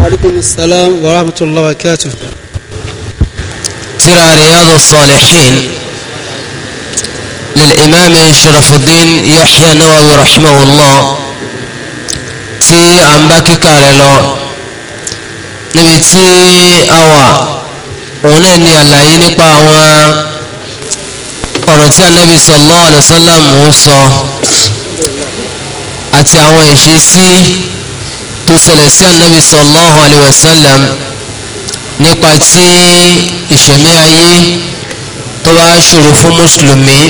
وعليكم السلام ورحمة الله وبركاته ترى رياض الصالحين للإمام شرف الدين يحيى نووي رحمه الله تي أمباكي كارلو نبي تي أوا ونني الله ينقى ọ̀rọ̀ tí anabi sallallahu alaihi wasallam sọ àti àwọn ìṣesí tó ṣẹlẹ̀ sí anabi sallallahu alayhi wa sallam nípa tí ìṣẹ̀mí ayé tó bá ṣòro fún mùsùlùmí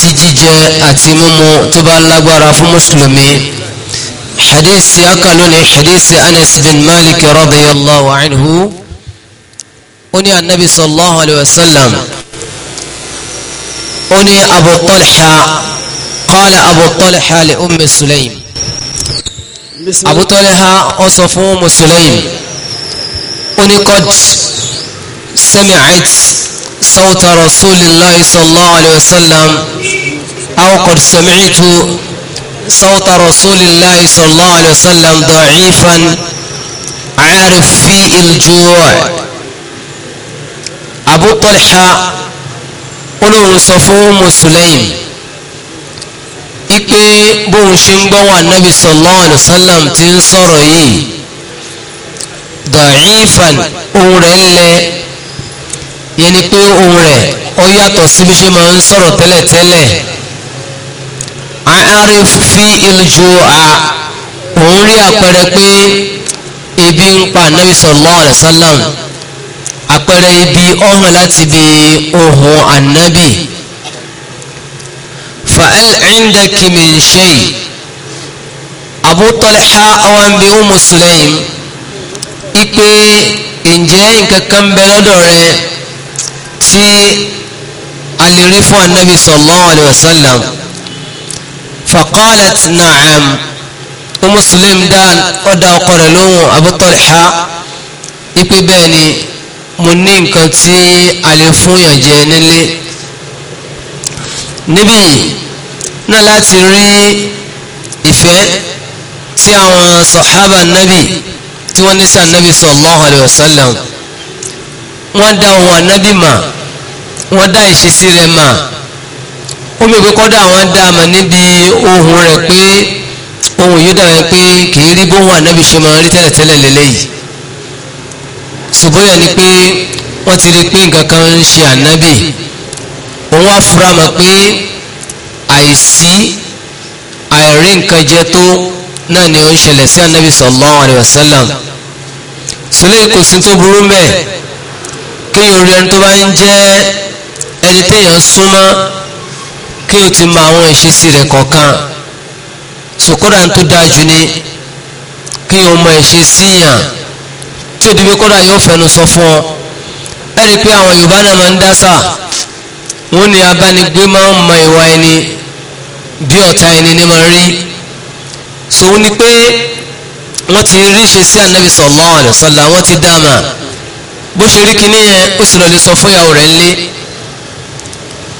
tí jíjẹ àti mímu tó bá lágbára fún mùsùlùmí hadisi akalóni hadisi anas bin malik radiyallahu anhu ó ní anabi sallallahu alayhi wa sallam ó ní abu talha qala abu talha li Abu Talha ó sọ fún Musulaim ó ní qad sami'at sawta rasulillahi sallallahu alayhi wa sallam aw qad sami'tu sawta rasulillahi sallallahu alayhi wa sallam da'ifan عارف في الجوع أبو طلحة قلوا صفوم ipe bóun ṣe ń gbọ́ wọn anabi sallallahu alayhi wa sallam ti ń sọ̀rọ̀ yìí da'ifan ohun rẹ̀ lẹ yẹn ni pé ohun rẹ̀ ó yàtọ̀ sí bí ṣe máa ń sọ̀rọ̀ tẹ́lẹ̀tẹ́lẹ̀ àárẹ̀ fi ìlú a òun rí àpẹẹrẹ pé ebi ń pa anabi sallallahu alayhi wa sallam àpẹẹrẹ ibi ọ̀hún láti bi ohun anabi. فهل عندك من شيء Abu Talha àwọn bí Umu Sulaym ipe ǹjẹ́ nkankan bẹ lọ́dọ̀ rẹ tí a lè rí fún anabi sallallahu alayhi wa sallam faqalat na'am Umu Sulaym dá ọ̀dà ọkọ rẹ Abu Talha ipe bẹ́ẹ̀ ni mo ní nǹkan tí a fún yàn nílé níbí yìí náà láti rí ìfẹ́ tí àwọn sọ̀hábà nábì tí wọ́n ní sí ànábì sallallahu alayhi wa sallam wọ́n dá ohun ànábì mà wọ́n dá ìṣesí rẹ̀ mà ó mi pé kọ́dà wọ́n dá mà níbi ohun rẹ̀ pé ohun yóò dà pé kì í rí bóhun ànábì ṣe máa rí tẹ́lẹ̀tẹ́lẹ̀ lélẹ́yìí ṣùgbọ́n ni pé wọ́n ti rí pé nǹkan kan ń ṣe ànábì òun wá fura mọ̀ pé àìsí àìrí nǹkan jẹ tó náà ni ó ń ṣẹlẹ̀ sí anabi sallallahu alayhi wa sallam sùlẹ̀ kò sí tó burú mbẹ́ kéèyàn rí ẹni tó bá ń jẹ́ ẹni téèyàn súnmọ́ kéèyàn ti mọ àwọn ìṣesí rẹ̀ kọ̀ọ̀kan sòkòdà tó dáa jù ni kéèyàn mọ ìṣesí yàn tí o dìbò kódà yóò fẹnu sọ fún ọ ẹ rí i pé àwọn Yorùbá náà máa ń dá sà wọ́n ní abánigbé máa ń mọ ìwà ẹni bí ọ̀tá ẹni ní máa rí sòun ni pé wọ́n ti rí ṣe sí anabi sallallahu alaihi wasallam wọ́n ti dáàmà bó ṣe rí kinní yẹn ó sì lọ́ọ́ lè sọ fún ìyàwó rẹ̀ ńlé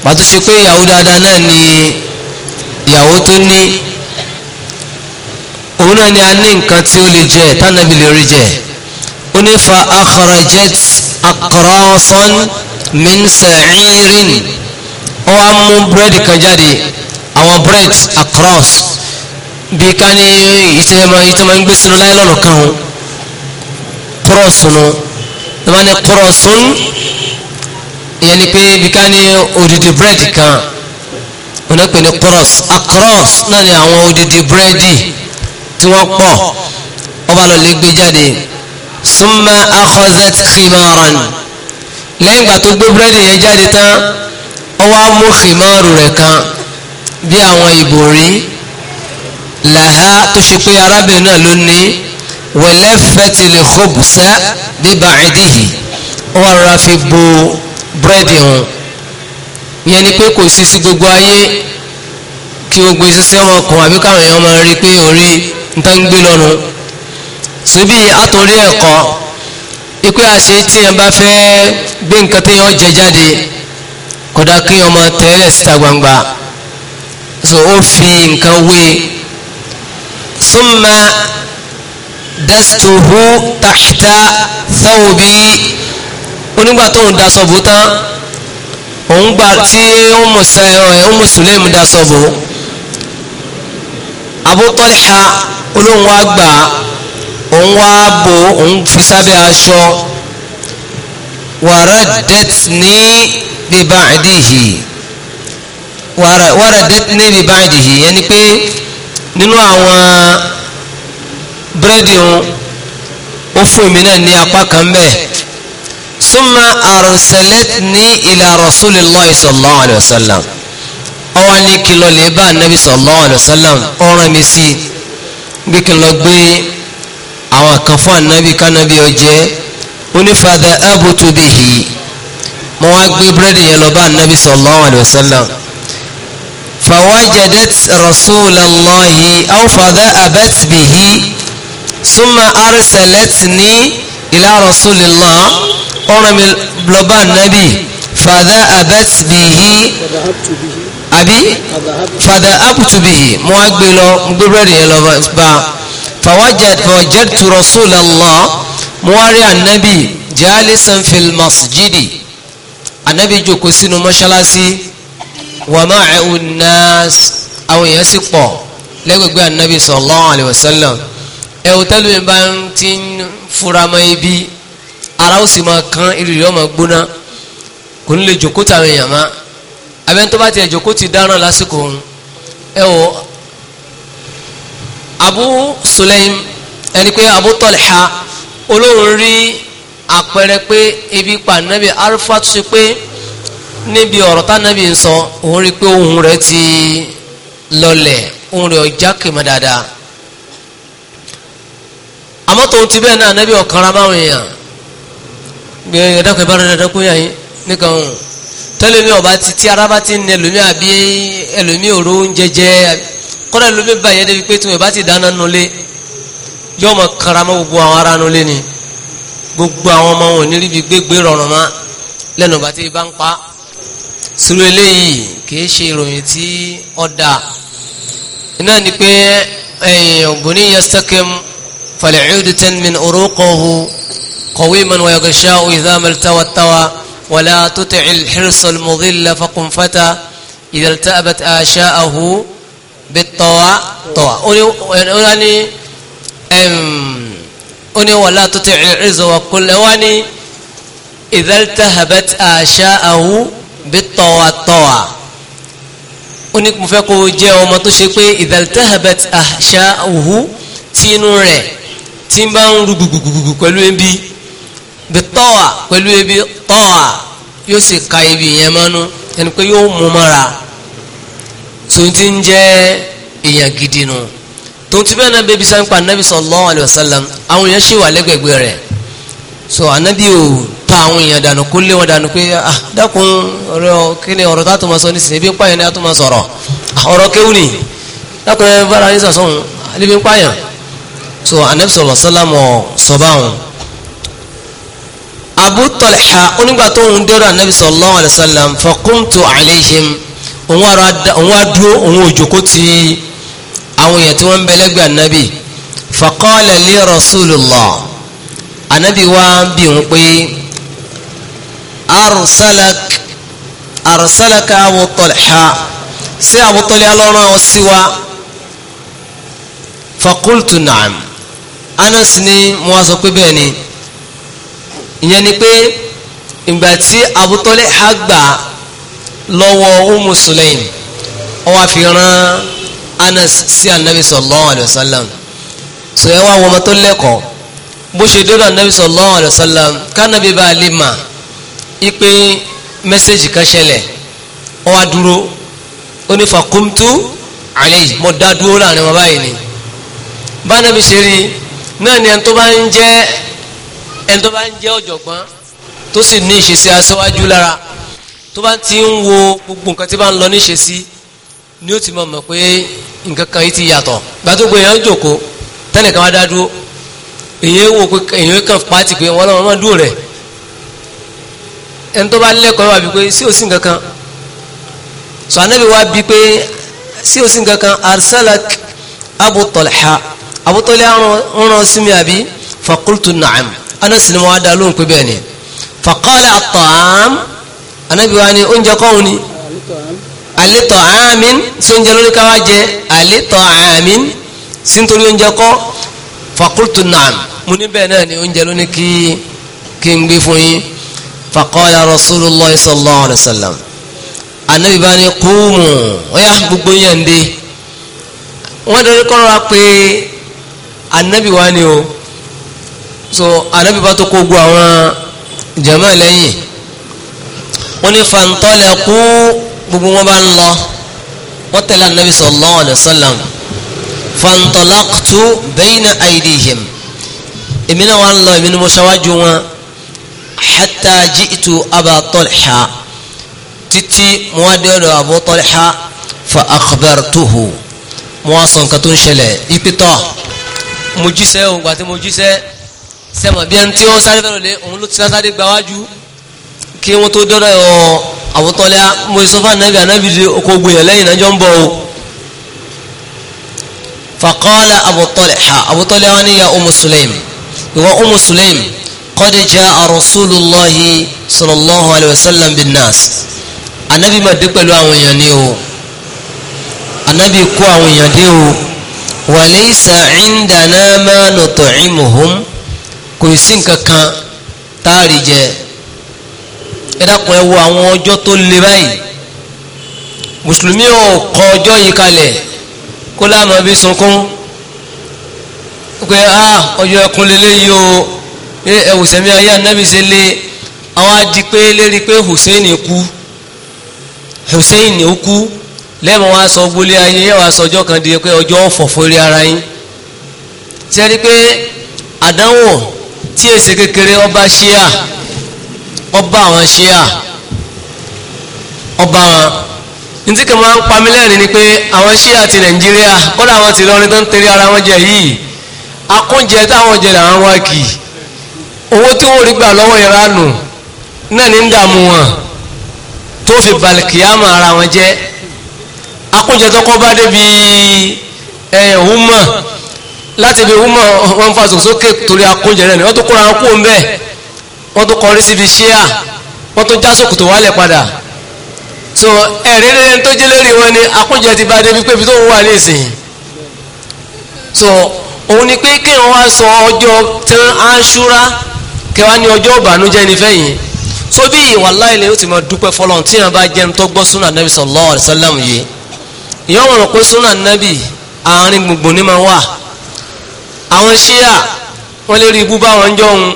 pàtó ṣe pé ìyàwó dáadáa náà ni ìyàwó tó ní òun náà ni a ní nǹkan tí ó lè jẹ tánàbí lè rí jẹ ó ní fa akhrajat aqrasan min sa'irin ó wá mú búrẹ́dì kan jáde àwọn bread across bí ká ní ìtẹ́mọ ìtẹ́mọ ń gbé sínú láìlọ́nù kan o prọ́ọ̀sù nu ẹ máa ní prọ́ọ̀sù ìyẹn ni pé bí ká ní odidi bread kan wọn pè ní prọ́ọ̀sù across náà ni àwọn odidi búrẹ́dì tí wọ́n pọ̀ ọba lọ lè gbé jáde summa akhazat khimaran lẹ́yìn ìgbà tó gbé búrẹ́dì yẹn jáde tán ó wá mú rẹ̀ kan bí àwọn ìbòrí làhá tó ṣe pé arábìnrin náà ló ní wẹ̀lẹ́fẹ̀tì lè kọ́bùsá bíbá ẹ̀dìhì wọ́n rọra fi bo búrẹ́dì hàn yẹn ni pé kò sí sí gbogbo ayé kí gbogbo ìṣiṣẹ́ wọn kàn àbí káwọn èèyàn máa rí i pé orí nǹkan ń gbé lọ́nu síbí àtòrí ẹ̀kọ́ ipe àṣẹ tí yẹn bá fẹ́ gbé nǹkan tí yẹn jẹ jáde kódà kí yẹn máa tẹ́lẹ̀ síta gbangba so ó fi nǹkan wé summa dastuhu tahta thawbi onígbà tó ń daṣọ bò tán òun gbà tí ó eh, mùsùlùmí daṣọ bò olóhùn wa gbà òun wá bò òun fi sábẹ́ aṣọ wàrà dẹ́tì ní bíbá àdìhì waradatni bi ba'dihi yẹn ni pé nínú àwọn búrẹ́dì wọn ó fún mi náà ní apá kan bẹ́ẹ̀ summa arsalatni ila rasulillahi sallallahu alayhi wa sallam ọwọ́ ní kí lọ lè bá anabi sallallahu alayhi wa sallam ọ̀ràn mi sí bí kí n lọ gbé àwọn kan fún anabi kánabi ọjẹ́ onífàdà abutu bihi mo wá gbé búrẹ́dì yẹn lọ bá anabi sallallahu alayhi فوجدت رسول الله أو فذأبت به ثم أرسلتني إلى رسول الله أرم لبا النبي فذأبت به أبي فذأبت به مواقبي لو مقبري لو فوجد فوجدت رسول الله مواري النبي جالسا في المسجد النبي جوكو سينو مشلاسي wa ma'ahu an-nas àwọn èèyàn sì pọ̀ lẹ́gbẹ̀gbẹ́ anabi sallallahu alayhi wa sallam ẹ̀wù tẹ́lẹ̀ mi bá ń ti ń fura mọ́ ibi ara ó sì máa kán ìrírí ọmọ gbóná kò ní lè jòkó tàwọn èèyàn má abẹ́ni tó bá tiẹ̀ jòkó ti dáràn lásìkò òun ẹ̀wọ̀ Abu Sulaim ẹni pé Abu Talha olóhùn rí àpẹẹrẹ pé ibi pa anabi arfa tó ṣe pé níbi ọ̀rọ̀ tánàbí ń sọ òun rí pé ohun rẹ̀ ti lọlẹ̀ ohun rẹ̀ ọjà kìmọ̀ dáadáa àmọ́ tòun ti bẹ́ẹ̀ náà nẹ́bí ọ̀kan ra báwọn èèyàn gbé ẹ̀dọ́kọ̀ ìbára ẹ̀dọ́kọ̀ yà yín nìkan ọ̀hún tẹ́lẹ̀ mi ọba ti tí ara bá ti ń ní ẹlòmí àbí ẹlòmí òru oúnjẹ jẹ kọ́dọ̀ ẹlòmí báyẹn débi pé tí wọ́n ti dáná nulẹ̀ yóò mọ kara gbogbo àwọn ará nulẹ̀ ni gbogbo àwọn ọmọ wọn ò ní ríbi gbégbé rọrùn mọ́ lẹ́nu bá ti bá ń pa á. sùúrù eléyìí kìí ṣe ìròyìn tí ó da iná ni pé ọ̀bùnì yastakim falẹ̀cúdìtẹ́n min orúkọ̀hu kọ̀wé man wàyọ̀gàṣá ìdámẹ́l tawatawa wàlá tó tẹ̀cìl xirsol mọ̀dílà fakunfata ìdàltà abat àṣà ahu bí tọ́wa tọ́wa. ó ní ó ní wàlá tó tẹ̀cìl xirsol wà kúlẹ̀ wá ní ìdàltà abat àṣà ahu. bí tọ́wàtọ́wà ó ní mo fẹ́ kó jẹ́ ọmọ tó ṣe pé ìdàlítàhàbẹ̀t àṣà òhú tí inú rẹ̀ tí ń bá ń ru gbùgbùgbùgbù pẹ̀lú ebi bí tọ́wà pẹ̀lú ebi tọ́wà yóò sì ka ibi yẹn mọ́nú ẹni pé yóò mú mọ́ra tó ti ń jẹ́ èèyàn gidi nù tó ti bẹ́ẹ̀ náà bẹ́ẹ̀ sáńpà anábì sallallahu alaihi wasallam àwọn èèyàn ṣì wà lẹ́gbẹ̀gbẹ̀ rẹ̀ so anábì òun ta àwọn èèyàn dànù kó lé wọn dànù pé ah dákun ọ̀rọ̀ kí ni ọ̀rọ̀ tá a tó máa sọ nísìnyí ebi ń pààyàn ni a tó máa ah, kéwù ni dákun ẹ bára yín sọ̀sọ̀ ọ̀hún ń pààyàn so anabi sọ̀rọ̀ sálámù abu talha onígbà tó ń dẹ́rọ anabi sallallahu alaihi wasallam faqumtu òun á òun òjòkó ti àwọn èèyàn tí wọ́n ń bẹ́lẹ́gbẹ̀ anabi faqala li rasulullah anabi wa bí òun pé arsalak arsalaka abu talha sí abu talha lọ́rọ̀ ọ sí wa fakultu naam anas ni mo wá sọ pé bẹ́ẹ̀ ni ìyẹn ni pé ìgbà tí abu talha gbà lọ́wọ́ umu sulaim ó wá fi rán anas sí anabi sallallahu alayhi wa sallam sọ ẹ wá wọ́n mọ́ tó lẹ́kọ̀ọ́ bó ṣe dọ́dọ̀ anabi sallallahu alayhi wa sallam kánabi bá a lè máa ipe mẹ́sẹ̀gì kan ṣẹlẹ̀ ó wá dúró ó ní fakumtu alayhi mo dá dúró láàrin wọn báyìí ni bánabi ṣe rí náà ni ẹni tó bá ń jẹ́ ẹni tó bá ń jẹ́ ọ̀jọ̀gbọ́n tó sì ní ìṣesí aṣáájú lára tó bá ti ń wo gbogbo nǹkan tí bá ń lọ ní ìṣesí ni ó ti mọ̀ mọ̀ pé nǹkan kan yìí ti yàtọ̀ gbàtógbò èèyàn ń jòkó tẹ́nìkan wá dá dúró èèyàn wò pé èèyàn kàn pàtì pé wọ́n lọ́wọ́ máa dúró rẹ̀ ẹni tó bá lẹ́kọ̀ọ́ wà bí pé sí òsín kankan sọ anábì wá bí pé sí òsín kankan arsalak abu talha abu talha rán sí mi àbí fakultu na'am anas ni wọn á dá lóhùn pé bẹ́ẹ̀ ni faqala at-ta'am anábì wá ní oúnjẹ kọ́hún ni alétọ̀ àmín sí oúnjẹ lórí káwá jẹ alétọ̀ àmín sí nítorí oúnjẹ kọ́ fakultu na'am mo ní bẹ́ẹ̀ náà ni oúnjẹ lóní kí kí n gbé fún yín faqala rasulullah sallallahu alayhi wa sallam anabi bá ní kúùmù ọ̀yà gbogbo yẹn ń dé wọ́n dorí kọ́ pé anabi wá ni o so anabi bá tó kó gbọ́ àwọn jama lẹ́yìn wọ́n ní fàǹtọ́lẹ̀ kú gbogbo wọn bá ń lọ wọ́n tẹ̀lé anabi sallallahu alayhi wa sallam fàǹtọ́lẹ̀ kú bayna aydihim èmi náà wà ń lọ èmi ni mo ṣáwájú wọn hatta ji'tu aba tolxa títí mo wá dé ọ̀dọ̀ abu tolxa fa akhbartuhu mo wá sọ nǹkan tó ń ṣẹlẹ̀ ìpìtọ́ mo jíṣẹ́ òun gbà tí mo jíṣẹ́ sẹ́mọ̀ bí ẹni tí ó sáré fẹ́ràn lé òun ló ti sáré gbáwájú kí wọ́n tó dọ́rọ̀ ẹ̀ ọ́ àwọn tọ́lẹ́ anabi anabi di oko gbìyàn lẹ́yìn náà ń bọ̀ o. faqala Abu Talha Abu Talha ya Umm Sulaym ìwọ Umm Sulaym. قد جاء رسول الله صلى الله عليه وسلم بالناس anabi ma dé pẹ̀lú àwọn èèyàn ni o anabi kó àwọn èèyàn dé o walaysa indana ma nut'imuhum kò sí nǹkan kan táàrí jẹ ẹ dákun ẹ wo àwọn ọjọ́ tó le báyìí mùsùlùmí ò kọ ọjọ́ yìí kalẹ̀ kó láàmú ẹbí sunkún pé ah ọjọ́ ẹkún lélẹ́yìí o ẹ wò sẹ́mi ayé anabi ṣe lé àwọn adi lérí pé hussein kú hussein ó kú lẹ́mọ̀ wá sọ gbólé ayé yẹ́ wá sọjọ́ kan di pé ọjọ́ ọ̀fọ̀fọ̀ rí ara yín sẹ́ni pé àdánwò tí èsì kékeré ọba ṣíà ọba àwọn ṣíà ọba àwọn ntí kan máa ń pa mí lẹ́rìn ni pé àwọn ṣíà ti nàìjíríà kódà àwọn ti lọrin tó ń tẹ̀lé ara wọn jẹ yìí akóúnjẹ táwọn jẹ làwọn wá kì í owó tí wọ́n rí gbà lọ́wọ́ ìranù náà ní ń dààmú wọn tó fi balikiyama ara wọn jẹ́ akójọ tó kọ́ bá débi ẹ̀yìn húmọ̀ láti ibi húmọ̀ wọn ń fa sòsókè torí akójọ rẹ̀ ni wọ́n tó kóra wọn kú ń bẹ́ẹ̀ wọ́n tó kọrí síbi ṣíà wọ́n tó já sòkòtò wálẹ̀ padà so ẹ̀rí rẹ̀ tó jẹ́ lórí wọn ni akójọ ti bá débi pé ibi tó wà ní ìsìn so òun ni pé kí wọ́n wá sọ ọjọ́ tán Àṣúrà kẹwàá ní ọjọ́ ìbànújẹ́ ni fẹ́yìn so bí wallahi lè ó ti máa dúpẹ́ fọlọ́n tí yàn bá jẹun tó gbọ́ súnà nàbì sallallahu alaihi wasallam yìí ìyá wọn rò pé súnà nàbì àárín gbùngbùn ní máa wà àwọn ṣíyà wọn lè rí ibú bá wọn jọ òun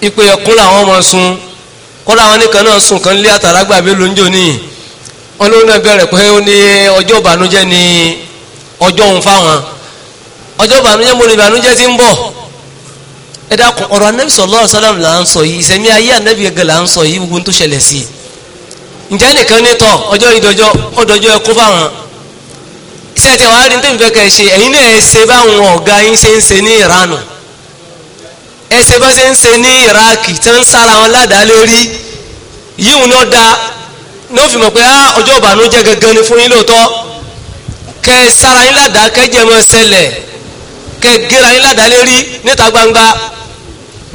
ipe ẹkún làwọn ọmọ sun kọ́lá àwọn nìkan náà sùn kan lé àtàràgbà mélòó ń jò níyì wọn ló náà bẹ̀rẹ̀ pé ó ní ọjọ́ ìbànújẹ́ ni ọjọ́ òun fáwọn ọjọ́ ìbànújẹ́ mo ní ìbànújẹ́ ti ń bọ̀ ẹ dákun ọ̀rọ̀ anabi sallallahu alaihi wasallam là ń sọ yìí ìsẹ̀mí ayé anabi gẹ̀gẹ̀ là ń sọ yìí gbogbo tó ṣẹlẹ̀ sí i ǹjẹ́ nìkan ní tọ̀ ọjọ́ ìdọ́jọ́ ọdọ́jọ́ ẹkú fáwọn iṣẹ́ tí wàá rí tẹ́mi fẹ́ kẹ́ ẹ ṣe ẹ̀yin náà ẹ ṣe báwọn ọ̀gá yín ṣe ń ṣe ní ìranu ẹ ṣe bá ṣe ń ṣe ní iraki tí ń sára wọn ládàá lórí yíwùn náà da ní ó fi ni fún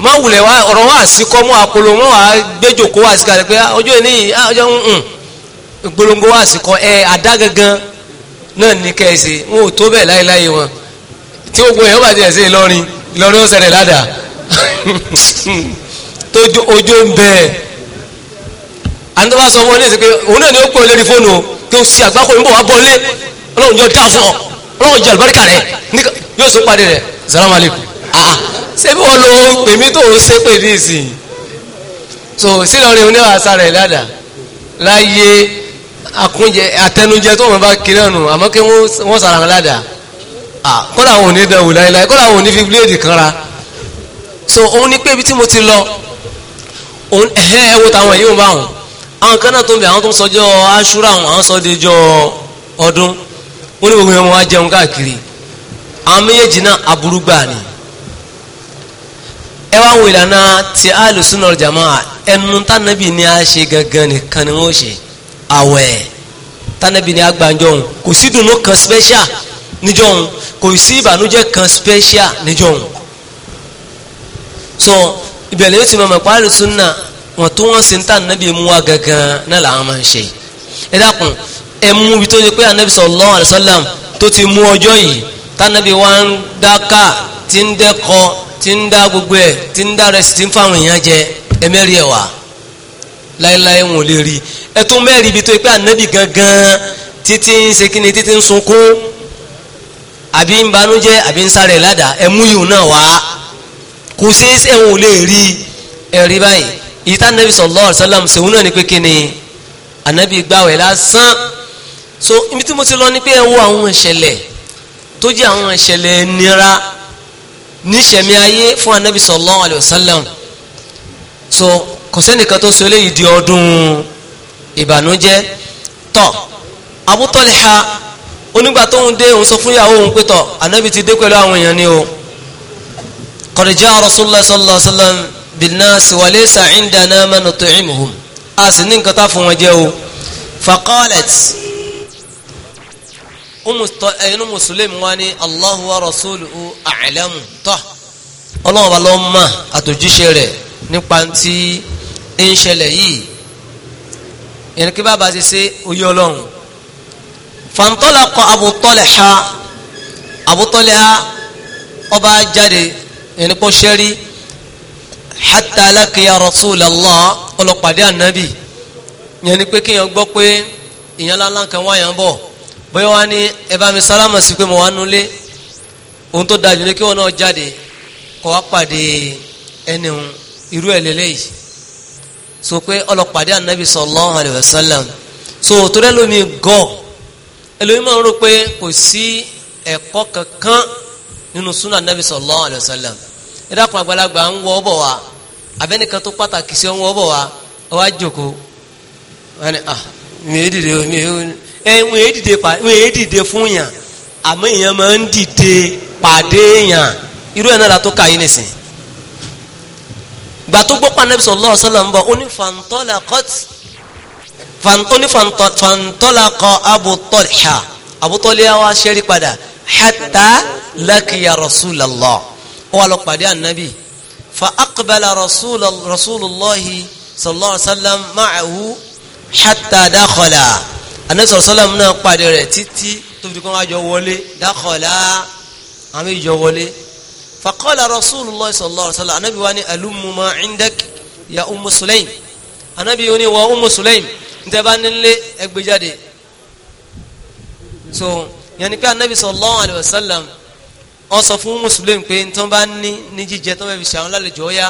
má wulẹ̀ wá ọ̀rọ̀ wá síkọ́ mọ́ àkọlò mọ́ wàá gbẹ́jòkó wá síkàlẹ̀ pé ah, ọjọ́ ìní ah, ọjọ́ ń mm, mm. gbólóńgó wá síkọ́ ẹ eh, àdá gangan náà ní kẹ́ẹ̀sì wọn ò tó bẹ́ẹ̀ láéláé wọn tí gbogbo èèyàn bá tiẹ̀ sí Ìlọrin Ìlọrin ó ṣẹlẹ̀ ládàá tó ojú ń bẹ à ń tó bá sọ fún ní ìsìn òun náà ni ó pọ̀ lórí fóònù tó sì àgbákò ń bọ̀ wá bọ́ lé ọlọ́run jọ dáa fún ọ ọlọ́run jọ àlùbáríkà rẹ yóò sọ pàdé rẹ salamu Ah, ṣé bí lo pèmí tó ń ṣe pè ní ìsìn so sílọrin oníwà sára ẹ̀ dáadáa láyé akúnjẹ àtẹnujẹ tó wọn bá kiri ọ̀nù àmọ́ kí wọ́n sára wọn ládàá ah, kódà wọn ò ní dẹ̀wò láíláí kódà wọn ò ní fi bíléèdì kan ra so òun ni pé ibi tí mo ti lọ òun ẹ̀hẹ́ ẹ wo tàwọn èyí ò bá wọn àwọn kan náà tó ń bẹ àwọn tó ń sọjọ́ aṣúra àwọn àwọn sọ jọ ọdún wọn ní gbogbo yẹn wọn wá jẹun káàkiri àwọn méjèèjì náà aburú gbà ni ẹ wá wo ìlànà ti alùsùn náà jàmọ́ ẹnu tánàbì ni a ṣe gangan nìkan ni wọ́n ṣe àwẹ̀ tánàbì ni a gbà jọ òun kò sí dùnú kan special níjọ òun kò sí ìbànújẹ́ kan special níjọ òun so ìbẹ̀lẹ̀ yóò ti mọ̀ mọ̀ pa alùsùn náà wọ́n tó wọ́n ṣe ń mú wa gangan náà làwọn máa ń ṣe ẹ dákun ẹ mú ibi tó ṣe pé anabi sallallahu alaihi wasallam tó ti mú ọjọ́ yìí tánàbì wa ń dáká ti ń dẹ́kọ̀ọ́ tí ń dá gbogbo ẹ̀ tí ń dá rẹ̀ sì ti ń fáwọn èèyàn jẹ ẹ mẹ́rin ẹ̀ wá láéláé wọn ò lè rí ẹ tún mẹ́rin ibi tó yẹ pé ànábì gangan títí ń ṣe kíni títí ń sunkún àbí ń banújẹ́ àbí ń sáré ládàá ẹ yìí náà wá kò sí ẹ wọn ò lè rí ẹ báyìí èyí tá ànábì sallallahu alaihi wasallam náà ni pé kíni ànábì gbàwẹ̀ lásán so ibi tí mo ti lọ ni pé ẹ wo àwọn ìṣẹ̀lẹ̀ tó jẹ́ àwọn ìṣẹ̀lẹ̀ nira níṣẹ̀mí ayé fún anabi sallallahu alayhi wa sallam so kò sẹ́nìkan tó so eléyìí di ọdún ìbànújẹ́ tọ́ Abu Talha onígbà tóun dé òun sọ fún ìyàwó òun pé tọ́ anabi ti dé pẹ̀lú àwọn èèyàn ni o qad jaa rasulullah sallallahu alayhi wa sallam bin nas a sì ní nǹkan tá fún wọn jẹ́ o faqalat. Eh, inú mùsùlùmí wa ni allahu wa rasuluhu a'lamu tọ́ ọlọ́run wa lọ́ mọ̀ àtòjíṣe rẹ̀ nípa ti ń ṣẹlẹ̀ yìí ìrìn kí bàbá ti ṣe oyè ọlọ́run fantalaqa Abu Talha Abu Talha ọba jáde ìrìn kó ṣẹ́rí hatta laqiya rasulallah ọlọ́pàdé ànábì yẹn ni pé kéèyàn gbọ́ pé ìyẹn lánlá kan wáyà ń bọ̀ bóyá wá ní ẹ bá mi sálámà sí pé mo wá nulẹ̀ ohun tó dájú ni kí wọn náà jáde kọ́ wá pàdé ẹni irú ẹ̀ lélẹ́yìí so pé ọlọ́pàdé anabi sallallahu alayhi sallam so torí ẹlòmí gọ ẹlòmí máa ń rò pé kò sí ẹ̀kọ́ kankan nínú sunna anabi sallallahu alayhi wa sallam ẹ dákun àgbàlagbà ń wọ ọbọ wa abẹnikan tó pàtàkì sí ọ ń wọ ọbọ wa ọ wá jòkó wọn ni ah mi ò dìde o mi ò ẹ̀hún èyí dìde fún yàn àmọ́ èèyàn máa ń dìde pàdé yàn irú ẹ̀ náà la tó kà yín nìsín gbà tó gbọ́pọ̀ anabi sallallahu alaihi wasallam ń bọ̀ ó ní fantolakot ó ní fantolakọ Abu Talha Abu wa ṣẹ́rí padà hatta lakiya rasulallah ó wà lọ pàdé anabi fa aqbala rasulallahi sallallahu alaihi wasallam ma'ahu hatta dakhala anẹ́sọ̀rọ̀ sọ́làmù náà pàdé rẹ̀ títí tó fi kọ́ àjọ wọlé dákọ̀ọ́lá àwọn ìjọ wọlé faqala rasulullah sallallahu alaihi wasallam anábì wa ni alumu ma indak ya umu sulaim anábì wa ni wa umu sulaim ntẹ́ bá nílé ẹgbẹ́ jáde so yẹnni pé anábì sallallahu alaihi wasallam wọ́n sọ fún mùsùlùmí pé tó bá ní ní jíjẹ tó bá fi ṣàwọn lálejò ọ̀yá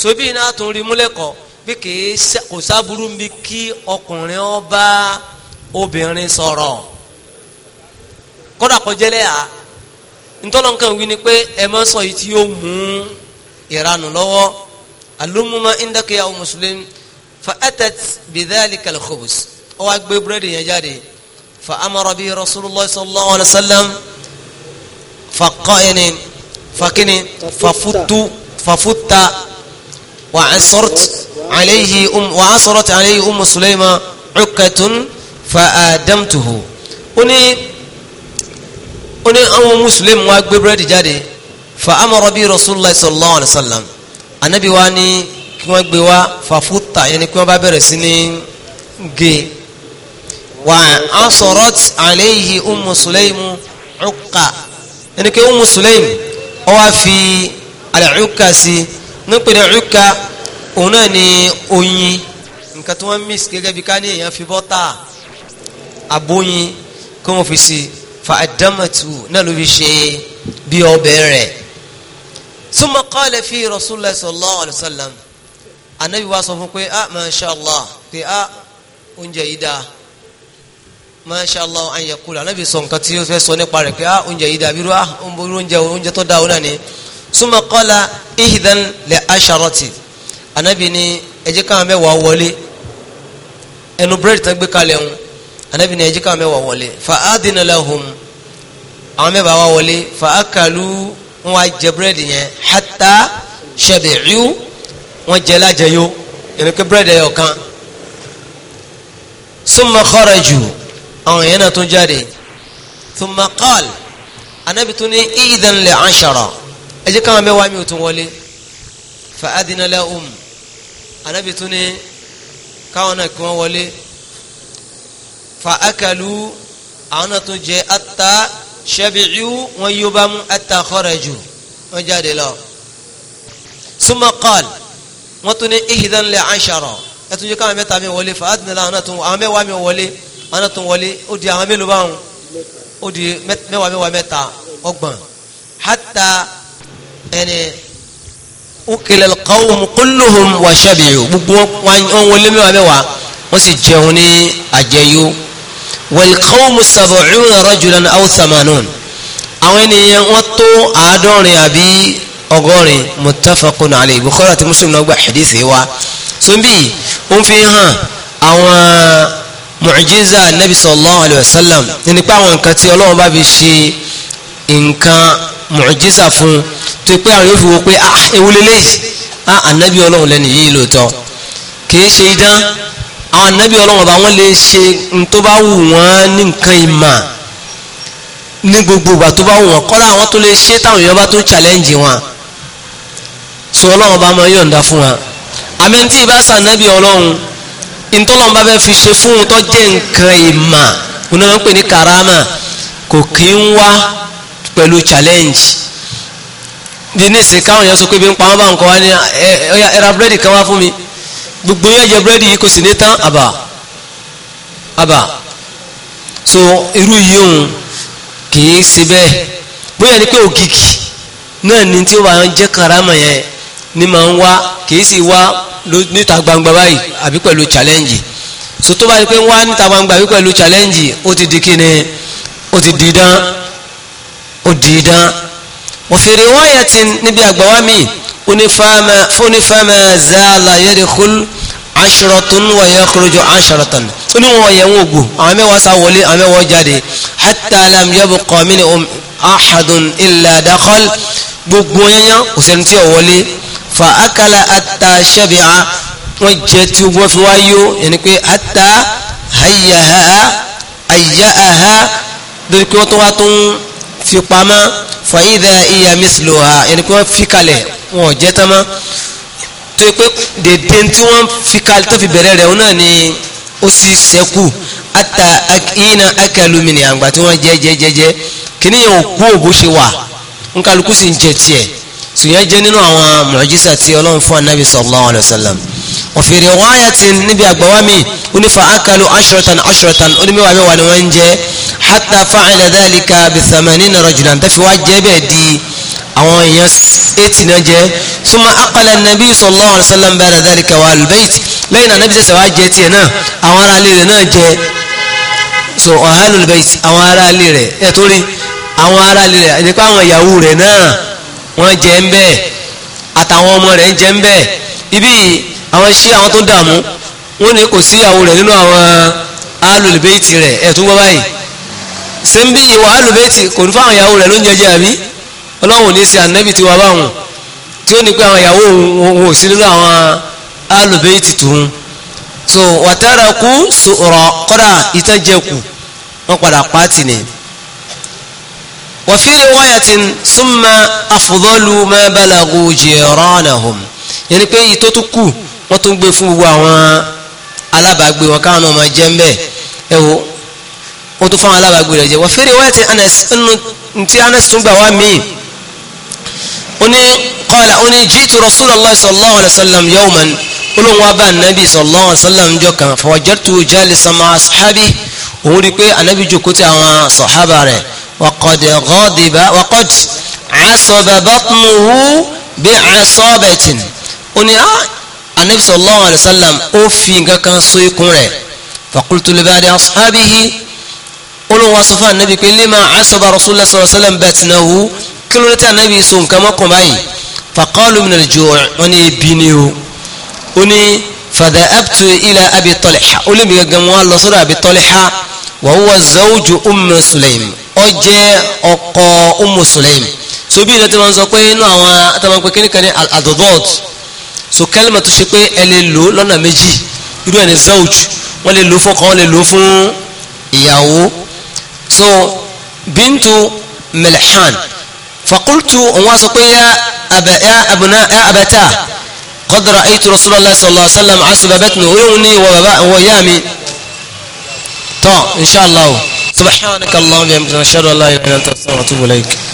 so bí iná tó ń rí múlẹ̀kọ̀ bí kì í kò sábúrú bí kí ọkùnrin ọba obìnrin sọ̀rọ̀ kódà kọjá lẹ́yà ntọ́lọ́nkàn wí ni pé ẹ má sọ yìí tí yóò mú ìranù lọ́wọ́ alumuma indakiya muslim fa atat bidali kalakobus ó wá gbé búrẹ́dì yẹn jáde fa amara bi rasulillah sallallahu alayhi wa sallam fa qaini fa kini fa futu fa futa wa asort alayhi um wa asort alayhi um musulima cukatun fa àdámtuhù ó ní ó ní àwọn mùsùlùmí wa gbé búrẹ́dì jáde fa amọ̀rọ̀ bí rasulillah sallallahu alayhi wa sallam anabi wa ní kí wọ́n gbé wa fa fúta yẹn ni kí wọ́n bá bẹ̀rẹ̀ sí ní gé wa asọ̀rọ̀t aleyhi umu suleimu cuka ẹni kí umu suleimu ó wá fi alẹ́ cuka sí nípa ní cuka òun ni oyin nǹkan tí wọ́n mix gẹ́gẹ́ bí ká ní fi bọ́tà abóyin kí wọ́n fi si fa àdámàtú náà ló fi ṣe bí ọbẹ̀ rẹ̀ summa qala fi rasulillah sallallahu alayhi wa sallam anabi wa sọ fún pé ah masha allah pé ah oúnjẹ yìí dáa masha allah an yakula anabi sọ nǹkan tí ó fẹ́ sọ nípa rẹ̀ pé ah oúnjẹ yìí dáa bí ah oúnjẹ oúnjẹ tó dáa ó ni summa qala ihdan li asharati anabi ni ẹ káwọn mẹ́wàá wọlé ẹnu búrẹ́dì tán gbé kalẹ̀ ń anabi ní ẹjí káwọn mẹ́wàá wọlé fa adina lahum àwọn mẹ́wàá wá wọlé fa akalu wọn wá jẹ búrẹ́dì yẹn hatta shabi'u wọn jẹ lájẹyó ìrìnkè búrẹ́dì ẹ̀yọ̀ kan summa kharaju àwọn yẹn náà tún jáde thumma qala anabi tún ní idan li ashara ẹjí káwọn mẹ́wàá mi ò tún wọlé fa adina lahum anabi tún ní káwọn náà kí wọ́n wọlé fàákàlù àwọn náà tó jẹ ata ṣẹbìcú wọn yóò bá mú ata kharaju wọn jáde lọ. suma qal wọn tún ní ihidan li ashara ẹ tún jẹ káwọn mẹ́ta mi wọlé fàákàlù àwọn náà tún àwọn mẹ́wàá mi wọlé àwọn náà tún wọlé ó di àwọn mélòó báwọn ó di wọ́n sì jẹun ní àjẹyó wẹ̀lkọ́wùmù sàbọ̀ọ́nà rọ́jùlán àwùsàmánùn àwọn ènìyàn wọ́n tó àádọ́rin àbí ọgọ́rin muttafaqun alayhi Bukhari àti Muslim náà gba hadisi wa sunbi ó ń fi hàn àwọn mu'jiza nabi sallallahu alayhi wa sallam nípa àwọn nǹkan tí ọlọ́run bá fi ṣe nǹkan mu'jiza fún tó pé àwọn yóò fi wo pé ah ewu lélẹ́yìí ah anabi ọlọ́run lẹ́nu yìí lóòótọ́ kì í ṣe idán àwọn ànábì ọlọ́wọ́n bá wọ́n lè ṣe n tó bá wù wọ́n ní nǹkan ìmà ní gbogbo ìgbà tó bá wù wọ́n kọ́lá àwọn tó lè ṣe táwọn èèyàn bá tó challenge wọn so ọlọ́wọ́n ba máa yọ̀ǹda fún wa àmì tí ìbá sàn ànábì ọlọ́run ìtọ́lọ́n bá fẹ́ fi ṣe fún un tó jẹ́ nǹkan ìmà òun náà ń pè ní karama kò kí ń wá pẹ̀lú challenge bí ní ìsìn káwọn èèyàn sọ pé bí ń pa wọn bá ń kọ́ wá ní ẹ̀ra búrẹ́dì kan wá fún mi gbogbo yẹn jẹ búrẹ́dì yìí kò sì ní tán àbà àbà so irú yìí òun kìí ṣe bẹ́ẹ̀ bóyá ni pé ògìkì náà ni tí ó bá jẹ́ karama yẹn ni máa ń wá kìí sì wá níta gbangba báyìí àbí pẹ̀lú challenge so tó bá di pé ń wá níta gbangba àbí pẹ̀lú challenge ó ti di kíni ó ti di dán ó di dán wọ́n fi riwayatin níbi àgbà wa mi onífàmà onífàmà zaala yẹ́dẹ̀kúlù asharatun wa yakhruju asharatan tó ní wọn yẹn ń wògbò àwọn mẹ́wàá sá wọlé àwọn mẹ́wàá jáde hatta lam yabqa minhum ahadun illa dakhal gbogbo yẹnyẹn kò sẹ́ni tí ò wọlé fa akala hatta shabi'a wọ́n jẹ́ tí wọ́n fi wá yẹni pé hatta hayyaha ayyaaha lórí pé wọ́n tó wá tó fi pamọ́ fa idha iya misluha yẹni pé wọ́n fi kalẹ̀ wọ́n jẹ́ tán mọ́ tó yẹ pé dèdè tí wọ́n fi ka tó fi bẹ̀rẹ̀ rẹ̀ òun náà ni ó sì sẹ́kù ata iná akalumini àgbà tí wọ́n jẹ́ jẹ́ jẹ́ jẹ́ kíní yẹn ò kú òbó ṣe wà ń kálukú sì ń jẹ tiẹ̀ sùnyẹn jẹ́ nínú àwọn mọ̀jísà tí ọlọ́run fún anabi sallallahu alayhi wa sallam ọ̀fẹ̀rẹ̀ wọn ti níbi àgbàwá mi onífa akalu ashratan ashratan onímẹ̀wá mẹ́wàá ni wọ́n ń jẹ́ hatta fa'ala dhalika bi thamanina rajulan tẹ́fì wá jẹ́ bẹ́ẹ̀ di àwọn èèyàn eighty náà jẹ́ súnmọ́ akala nabi sallallahu alayhi wa sallam ba'da dhalika wa albayt lẹ́yìn náà nabi sẹ̀sẹ̀ wá jẹ tiẹ̀ náà àwọn ará ilé rẹ̀ náà jẹ so ahlul bayt àwọn ará ilé rẹ̀ ẹ̀ torí àwọn ará ilé rẹ̀ nípa àwọn ìyàwó rẹ̀ náà wọ́n jẹ ń bẹ́ẹ̀ àtàwọn ọmọ rẹ̀ ń jẹ ń bẹ́ẹ̀ ibi àwọn ṣí àwọn tó dààmú wọ́n ni kò sí ìyàwó rẹ̀ nínú àwọn ahlul bayt rẹ̀ ẹ̀ tó gbọ́ báyìí sẹ́ńbí ọlọ́run ò ní ṣe ànábì tiwa báwọn tí ó ní pé àwọn ìyàwó òun sí nínú àwọn alùbẹ́yìtì tòun so wàtẹ́rẹ̀ kú sọ̀rọ̀ kọ́dà ìtẹ́jẹ̀kù wọ́n padà pàtì ni. wàfí riwayatin summa afdalu ma balagu jiranahum yẹn ni pé ìtọ́ tó kù wọ́n tún gbé fún gbogbo àwọn alábàágbé wọn káwọn ọmọ jẹ́ ń bẹ̀ ẹ wo wọ́n tún fún àwọn alábàágbé rẹ̀ jẹ́ wàfí riwayatin anas nínú ti anas tún gbà wá míì oni qala oni jitu rasulullah sallallahu alaihi wasallam yawman olóhùn wa bá anabi sallallahu alaihi wasallam jọ kan fawajartu jalisan ma'a ashabi òun rí i pé anabi jókòó ti àwọn sọ̀hábà rẹ̀ wa qad ghadiba wa qad asaba batnuhu bi'asabatin oni a ah, anabi sallallahu alaihi wasallam ó fi nǹkan kan so ikùn rẹ̀ faqultu li ba'di ashabihi olóhùn wa kí ló dé tí anabi so nǹkan mọ́kàn báyìí faqalu min al-ju' wọn ni ebi ni o ó ní fadha'abtu ila abi Talha ó lè mi gangan wọn lọ sọ́dọ̀ abi Talha wa huwa zawju ummu sulaim ó jẹ́ ọkọ ummu sulaim so bí ilẹ̀ tí wọ́n sọ pé inú àwọn atàwọn pé kíníkan ní al so kẹ́lẹ́mà tó ṣe pé ẹ lè lò lọ́nà méjì irú ẹ̀ ní wọ́n lè lò fún wọ́n lè lò fún ìyàwó so bintu melhan fakultu òun wá sọ pé yá abuna yá abata kọ́dọ̀rọ̀ ayétu rasulallah sallallahu alayhi wa sallam asiba bẹ́tùnú oríhun ní ìwọ bàbá ìwọ yá mi tán inṣàlá subhanaka allahumma wa bihamdika ashhadu an la ilaha illa anta